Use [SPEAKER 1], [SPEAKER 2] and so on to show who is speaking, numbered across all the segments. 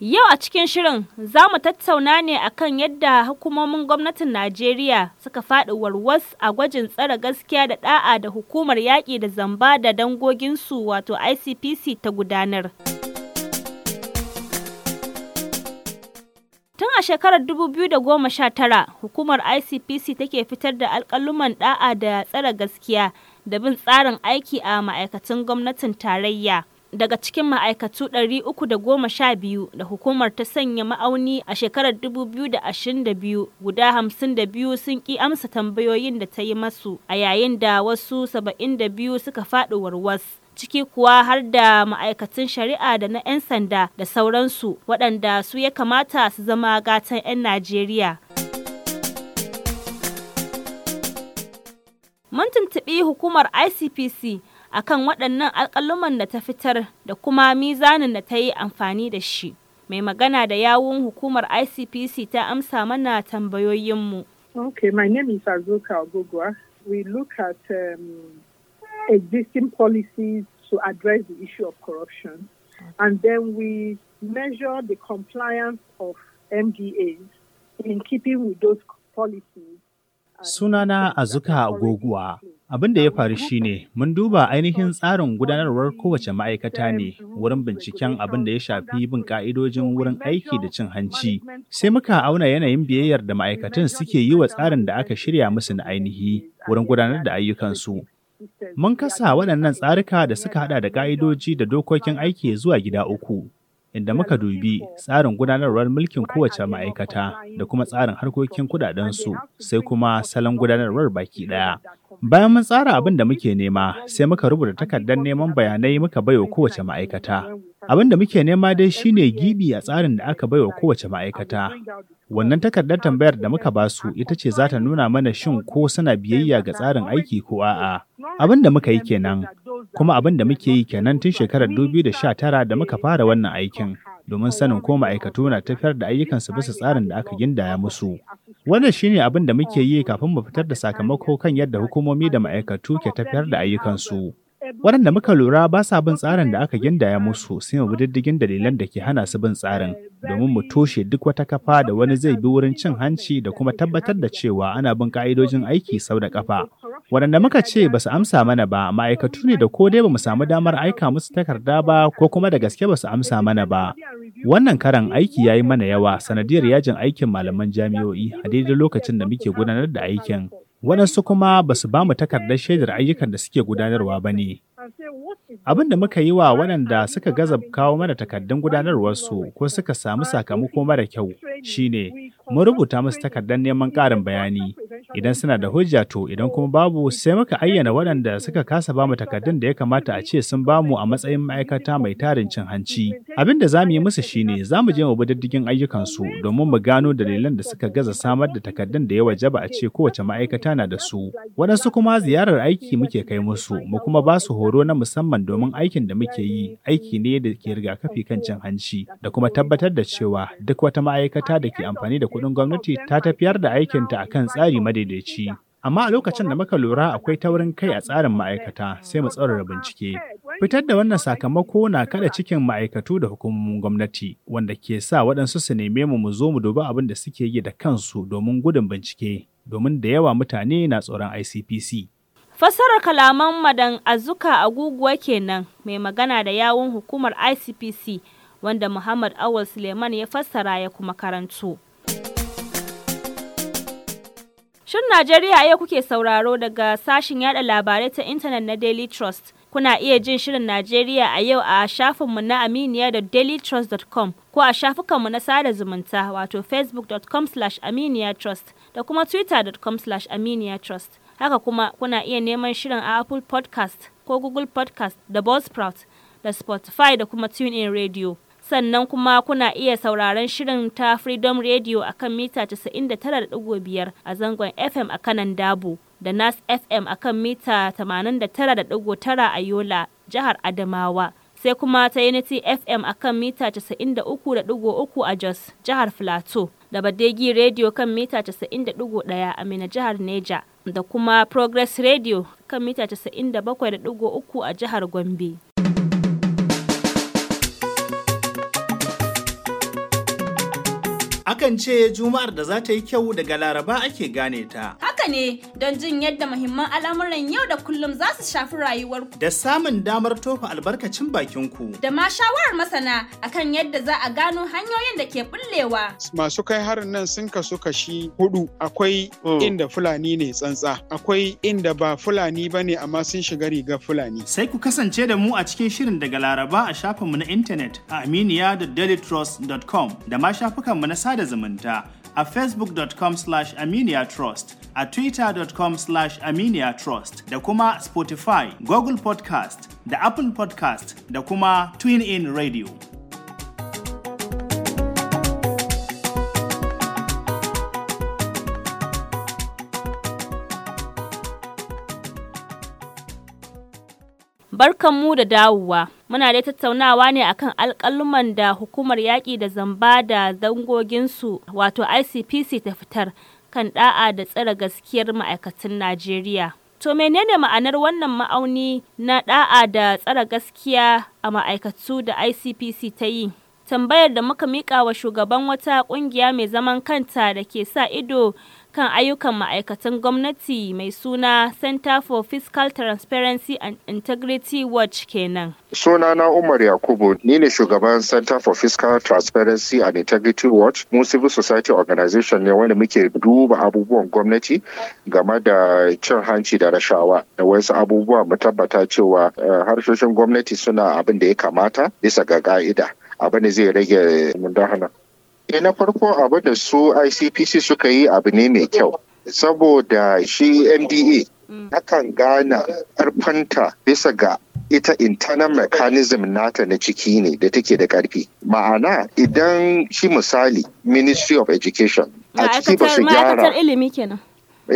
[SPEAKER 1] Yau a cikin shirin za mu tattauna ne a kan yadda hukumomin gwamnatin Najeriya suka faɗi warwas a gwajin tsare gaskiya da ɗa'a da hukumar yaƙi da zamba da dangoginsu wato ICPC ta gudanar. Tun a shekarar 2019 hukumar ICPC take fitar da alƙaluman ɗa'a da tsare gaskiya da bin tsarin aiki a ma'aikatan gwamnatin tarayya. daga cikin ma'aikatu 312 da hukumar ta sanya ma'auni a shekarar 2022 guda 52 sun ki amsa tambayoyin da ta yi masu a yayin da wasu 72 suka faɗi warwas. ciki kuwa har da ma'aikatan shari'a da na 'yan sanda da sauransu waɗanda su ya kamata su zama gatan 'yan Najeriya. Mun tuntuɓi hukumar ICPC akan waɗannan alƙaluman da ta fitar da kuma mizanin da ta yi amfani da shi. Mai magana da yawun hukumar ICPC ta amsa mana tambayoyinmu. Okay,
[SPEAKER 2] my name is Azuka Ogogwa. We look at um, existing policies to address the issue of corruption. And then we measure the compliance of MDAs in keeping with those policies Sunana Azuka Agoguwa. Abin da ya faru shine mun duba ainihin tsarin gudanarwar kowace ma'aikata ne wurin binciken abin da ya shafi bin ka'idojin wurin aiki da cin hanci. Sai muka auna yanayin biyayyar da ma'aikatan suke yi wa tsarin da aka shirya musu na ainihi wurin gudanar da ayyukansu. Mun kasa waɗannan tsarika da suka hada da ka'idoji da dokokin aiki zuwa gida uku. inda muka dubi tsarin gudanarwar mulkin kowace ma'aikata da kuma tsarin harkokin kudadensu sai kuma salon gudanarwar baki ɗaya. Bayan mun tsara abin da muke nema sai muka rubuta takardar neman bayanai muka baiwa kowace ma'aikata. Abin da muke nema dai shine gibi a tsarin da aka baiwa kowace ma'aikata. Wannan takardar tambayar da muka basu ita ce za ta nuna mana shin ko suna biyayya ga tsarin aiki ko a'a. Abin da muka yi kenan Kuma abin da muke yi kenan tun shekarar 2019 da muka fara wannan aikin domin sanin ko ma'aikatu na tafiyar da ayyukan su bisa tsarin da aka gindaya musu. Wannan shine abin da muke yi kafin mu fitar da sakamako kan yadda hukumomi da ma'aikatu ke tafiyar da ayyukansu. Waɗanda muka lura ba sa bin tsarin da aka gindaya musu sai mu diddigin dalilan da ke hana su bin tsarin domin mu toshe duk wata kafa da wani zai bi wurin cin hanci da kuma tabbatar da cewa ana bin ka'idojin aiki sau da kafa. Waɗanda muka ce ba su amsa mana ba ma'aikatu ne da ko dai ba mu samu damar aika musu takarda ba ko kuma da gaske ba su amsa mana ba. Wannan karan aiki yayi mana yawa sanadiyar yajin aikin malaman jami'o'i a daidai lokacin da muke gudanar da aikin. Waɗansu kuma ba su ba mu takardar shaidar ayyukan da suke gudanarwa ba ne. Abin da muka yi wa waɗanda suka gaza kawo mana takardun gudanarwarsu ko suka samu sakamako mara kyau shine mun rubuta musu takardar neman ƙarin bayani. idan suna da hujja to idan kuma babu sai muka ayyana waɗanda suka kasa bamu takardun da ya kamata a ce sun bamu a matsayin ma'aikata mai tarin cin hanci abin da za mu yi musu shine za mu je mu bi diddigin ayyukansu domin mu gano dalilan da suka gaza samar da takardun da ya wajaba a ce kowace ma'aikata na da su waɗansu kuma ziyarar aiki muke kai musu mu kuma ba su horo na musamman domin aikin da muke yi aiki ne da ke rigakafi kan cin hanci da kuma tabbatar da cewa duk wata ma'aikata da ke amfani da kuɗin gwamnati ta tafiyar da aikinta akan tsari madai madaidaici. Amma a lokacin da muka lura akwai taurin kai a tsarin ma'aikata sai mu tsaurara bincike. Fitar da wannan sakamako na kada cikin ma'aikatu da hukumomin gwamnati wanda ke sa waɗansu su neme mu mu zo mu dubi abin da suke yi da kansu domin gudun bincike domin da yawa mutane na tsoron ICPC.
[SPEAKER 1] fasara kalaman madan azuka aguguwa kenan mai magana da yawun hukumar ICPC wanda Muhammad Awal Suleiman ya fassara ya kuma karanto. Shin Najeriya yau kuke sauraro daga sashin yada labarai ta intanet na Daily Trust. Kuna iya jin shirin Najeriya a yau a shafinmu na Aminiya da dailytrust.com ko a shafukanmu na sada zumunta wato facebook.com aminiyatrust da kuma twitter.com aminiyatrust. Haka kuma kuna iya neman shirin a Apple podcast ko Google podcast da Buzzsprout da Spotify da kuma in Radio. sannan kuma kuna iya sauraron shirin ta Freedom Radio a kan mita 99.5 a zangon FM a kanan Dabo da Nas FM a kan mita 89.9 a Yola, jihar Adamawa. Sai kuma ta Unity FM a kan mita 93.3 a Jos, jihar Filato, da Badegi Radio kan mita 91.1 a Mina jihar Neja, da kuma Progress Radio kan mita 97.3 a jihar Gombe.
[SPEAKER 2] Akan ce Juma'ar da za ta yi kyau daga Laraba ake gane ta.
[SPEAKER 1] Haka ne don jin yadda muhimman al'amuran yau da kullum za su shafi rayuwarku.
[SPEAKER 2] Da samun damar tofa albarkacin bakin ku.
[SPEAKER 1] Da ma shawarar masana akan yadda za a gano hanyoyin da ke bullewa.
[SPEAKER 2] Masu kai harin nan sun kasu kashi hudu akwai hmm. inda Fulani ne tsantsa akwai inda ba Fulani ba ne amma sun shiga riga Fulani. Sai ku kasance da mu a cikin shirin daga Laraba a shafinmu na intanet a aminiya.dailytrust.com da ma shafukanmu na sada zumunta. a facebook.com slash aminiatrust a twitter.com slash aminiatrust da kuma spotify google podcast da apple podcast da kuma twin in radio
[SPEAKER 1] mu da dawowa. Muna dai tattaunawa ne akan alƙaluman da hukumar yaƙi da zamba da dangoginsu wato ICPC ta fitar kan ɗa'a da tsare gaskiyar ma'aikatan Najeriya. To menene ma'anar wannan ma'auni na ɗa'a da tsare gaskiya a ma'aikatu da ICPC ta yi? Tambayar da muka miƙa wa shugaban wata ƙungiya mai zaman kanta da ke sa ido kan ayyukan ma'aikatan gwamnati mai suna Center for Fiscal Transparency and Integrity Watch kenan.
[SPEAKER 3] Sunana Umar Yakubu, ni ne shugaban Center for Fiscal Transparency and Integrity Watch, mu civil society organization ne wanda muke duba abubuwan gwamnati game da cin hanci da rashawa da wasu abubuwa mu tabbata cewa eh, harshoshin gwamnati suna abin da ya kamata bisa ga ka'ida abin da zai rage mundahana. E na farko abu da su ICPC suka yi abu ne mai kyau. Saboda shi NDA mm. akan gana karfanta bisa ga ita internal mechanism nata na ciki ne da take da ƙarfi, Ma'ana idan shi misali Ministry of Education a ciki ba su gyara.
[SPEAKER 1] ilimi kenan.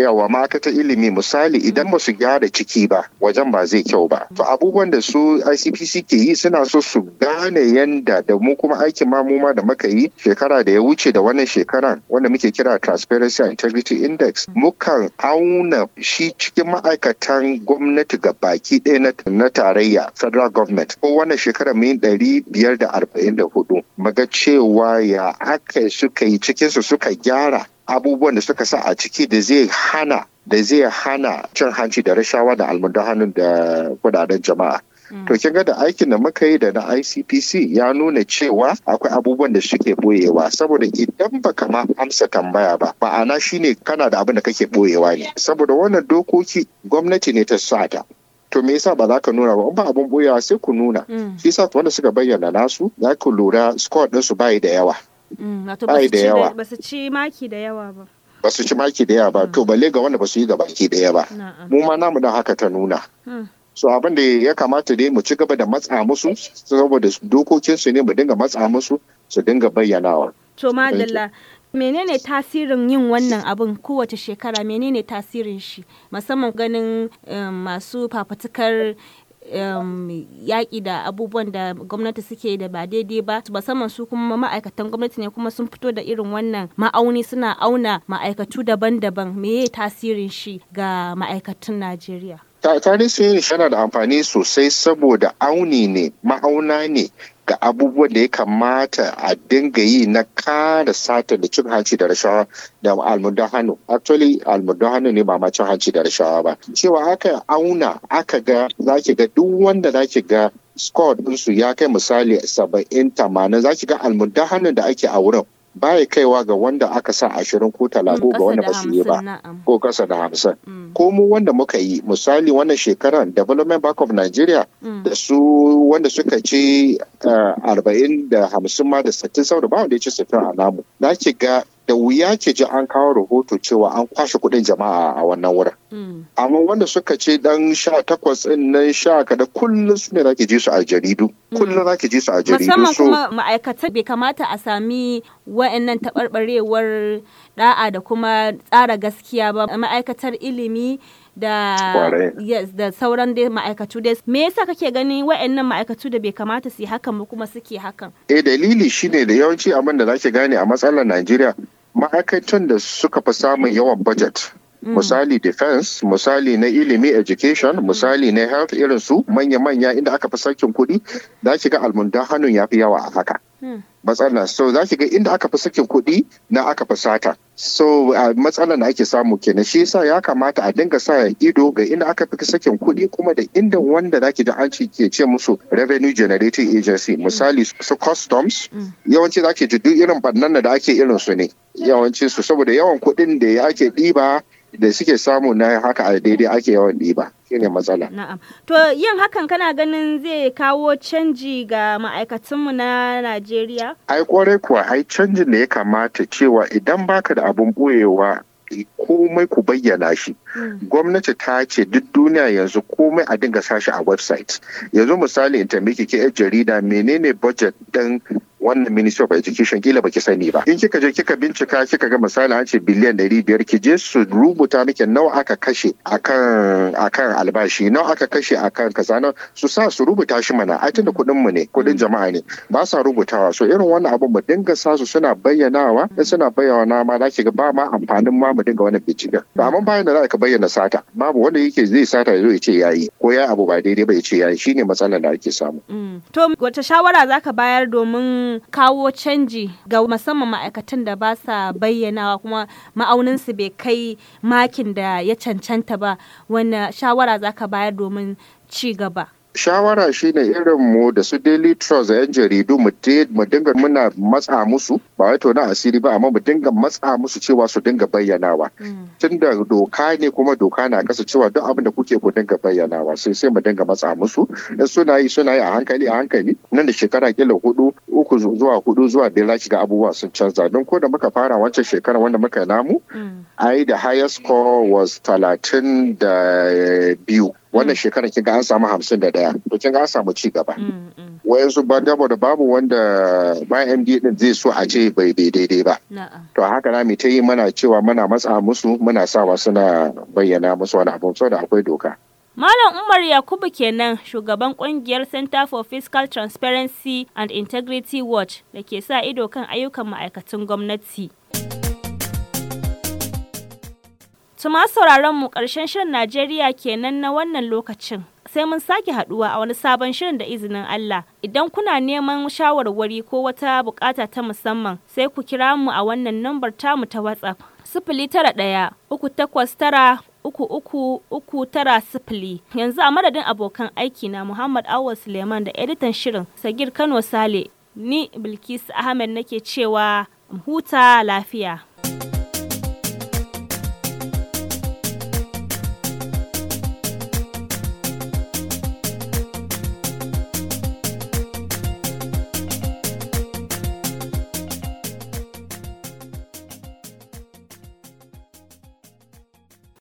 [SPEAKER 3] yawa mata ta ilimi misali idan ba su gyara ciki ba wajen ba zai kyau ba to abubuwan da su ICPC ke yi suna so su gane yanda da mu kuma aikin mamuma da muka yi shekara da ya wuce da wannan shekaran wanda muke kira Transparency and Integrity Index mukan auna shi cikin ma'aikatan gwamnati ga baki ɗaya na tarayya federal government ko wannan shekarar mai ɗari biyar da arba'in da hudu muga cewa ya aka suka yi cikinsu suka gyara abubuwan da suka sa a ciki da zai hana da zai hana cin hanci da rashawa da hannun da kudaden jama'a mm. To kin ga da aikin da muka yi da na ICPC ya nuna cewa akwai abubuwan da suke boyewa saboda idan baka ma amsa tambaya ba ma'ana shine kana da abin da kake boyewa ne saboda wannan dokoki gwamnati ne ta sata to me yasa ba za ka nuna ba in ba abun boyewa sai ku nuna mm. shi yasa wanda suka bayyana nasu za ku lura score ɗinsu bayi da yawa
[SPEAKER 1] Mm, bai Ba su ci maki da yawa
[SPEAKER 3] ba. su ci maki da yawa ba, to balle ga wanda ba su yi ga baki da ba. Mu ma namu dan haka ta nuna. Hmm. So abin da ya kamata dai mu ci gaba da matsa musu saboda dokokinsu ne mu dinga matsa musu su dinga bayyanawa.
[SPEAKER 1] To madalla menene tasirin yin wannan abin kowace shekara menene tasirin shi musamman ganin eh, masu fafutukar Um, yaƙi da abubuwan da gwamnati suke da ba daidai ba musamman su kuma ma'aikatan gwamnati ne kuma sun fito da irin wannan ma'auni suna auna ma'aikatu daban-daban meye tasirin shi ga ma'aikatan Najeriya.
[SPEAKER 3] tarihin yana da amfani sosai saboda auni ne ma'auna ne ga abubuwan da ya kamata a dinga yi na kare sata da cin hanci da rashawa da almudahanu actually almudahanu ne ba ma cin hanci da rashawa ba cewa aka auna aka ga zaki ga duk wanda zaki ga score ɗinsu ya kai misali saba'in tamanin za ki ga almudahanin da ake a wurin baya kaiwa ga wanda aka sa ashirin ko talago ga wanda ba su yi ba ko kasa da hamsin mm. ko mu wanda muka yi misali wannan shekaran development bank of nigeria mm. da su wanda suka ce eh, arba'in da hamsin ma da sittin saboda ba wanda ya ci sittin a namu na ga da wuya ce ji an kawo rahoto cewa an kwashe kudin jama'a a wannan wurin mm. amma wanda suka ce dan sha takwas ɗin nan sha kada kullum su ne za ki ji su a jaridu hmm. kullum za ki ji su a jaridu musamman kuma
[SPEAKER 1] ma'aikatan bai kamata a sami wa'annan taɓarɓarewar ɗa'a da kuma tsara gaskiya ba ma'aikatar ilimi da yes da sauran dai ma'aikatu dai me yasa kake gani wa'annan ma'aikatu da bai kamata su yi hakan ba kuma suke hakan
[SPEAKER 3] eh dalili shine da yawanci abin da zaki gane a matsalar Najeriya ma'aikatan da suka fi samun yawan bajet. Mm. misali defense misali na ilimi education mm. misali na health irin su manya-manya inda aka fi sakin kuɗi za ki ga almundan hannun ya fi yawa a haka mm. matsala so za ki ga inda aka fi sakin kuɗi na aka fi sata so matsalar da ake samu kenan shi sa ya kamata a dinga sa ido ga inda aka fi sakin kuɗi kuma da inda wanda za ki ji an ke ce musu revenue generating agency misali su customs yawanci za ki ji duk irin bannan da ake irin su ne yawanci su saboda yawan kuɗin da ya ke ɗiba da suke samu na haka a daidai ake yawan ɗiba shine matsala.
[SPEAKER 1] Na'am. To yin hakan kana ganin zai kawo canji ga ma'aikatanmu na Najeriya?
[SPEAKER 3] Ai kwarai kuwa ai canjin da ya kamata cewa idan baka da abun ɓoyewa komai ku bayyana shi hmm. gwamnati ta ce duk duniya yanzu komai a dinga sashi a website yanzu misali in ke ke jarida menene budget ɗin wannan ministry of education kila baki sani ba in kika je kika bincika kika ga misali an ce biliyan ɗari biyar ki je su rubuta miki nawa aka kashe akan akan albashi nawa aka kashe akan kaza nan su sa su rubuta shi mana ai tunda kuɗin mu ne kuɗin jama'a ne ba sa rubutawa so irin wannan abun mu dinga sa su suna bayyanawa in suna bayyana ma za ga ba ma amfanin ma mu dinga wannan ba amma bayan da za ka bayyana sata babu wanda yake zai sata ya zo ya ce yayi ko ya abu ba daidai ba ya ce yayi shine matsalar da ake samu mm.
[SPEAKER 1] to wata shawara zaka bayar domin kawo canji ga musamman ma'aikatan da ba sa bayyanawa kuma ma'aunin su bai kai makin da ya cancanta ba wani shawara za ka bayar domin ci gaba
[SPEAKER 3] shawara shine irin mu da su daily trust yan jaridu mu dinga muna matsa musu ba wai na asiri ba amma mu dinga matsa musu cewa su dinga bayyanawa mm. tunda doka ne kuma doka na kasa cewa duk abin da kuke ku dinga bayyanawa sai sai mu dinga matsa musu in suna yi suna yi a hankali a hankali nan da shekara kila hudu uku zuwa hudu zuwa biyar za ga abubuwa sun canza don ko da muka fara wancan shekara wanda muka namu mm. ai da highest score was talatin da biyu wannan shekarar kin ga an samu hamsin da daya to kin ga an samu ci gaba mm, mm. su ba da babu wanda bayan md din zai so a ce bai daidai ba to haka na mu ta yi mana cewa muna matsa musu muna sawa suna bayyana musu wani abu saboda akwai doka
[SPEAKER 1] Malam Umar Yakubu kenan shugaban kungiyar Center for Fiscal Transparency and Integrity Watch da ke sa ido kan ayyukan ma'aikatan gwamnati. To ma sauraron mu ƙarshen shirin Najeriya kenan na wannan lokacin. Sai mun sake haɗuwa a wani sabon shirin da izinin Allah. Idan kuna neman shawarwari ko wata bukata ta musamman sai ku kira mu a wannan nambar tamu ta WhatsApp. Sifili tara ɗaya uku takwas tara uku uku uku tara sifili yanzu a madadin abokan aiki na Muhammad awul Suleiman da editan shirin Sagir Kano Sale ni Bilkisu Ahmed nake cewa huta lafiya.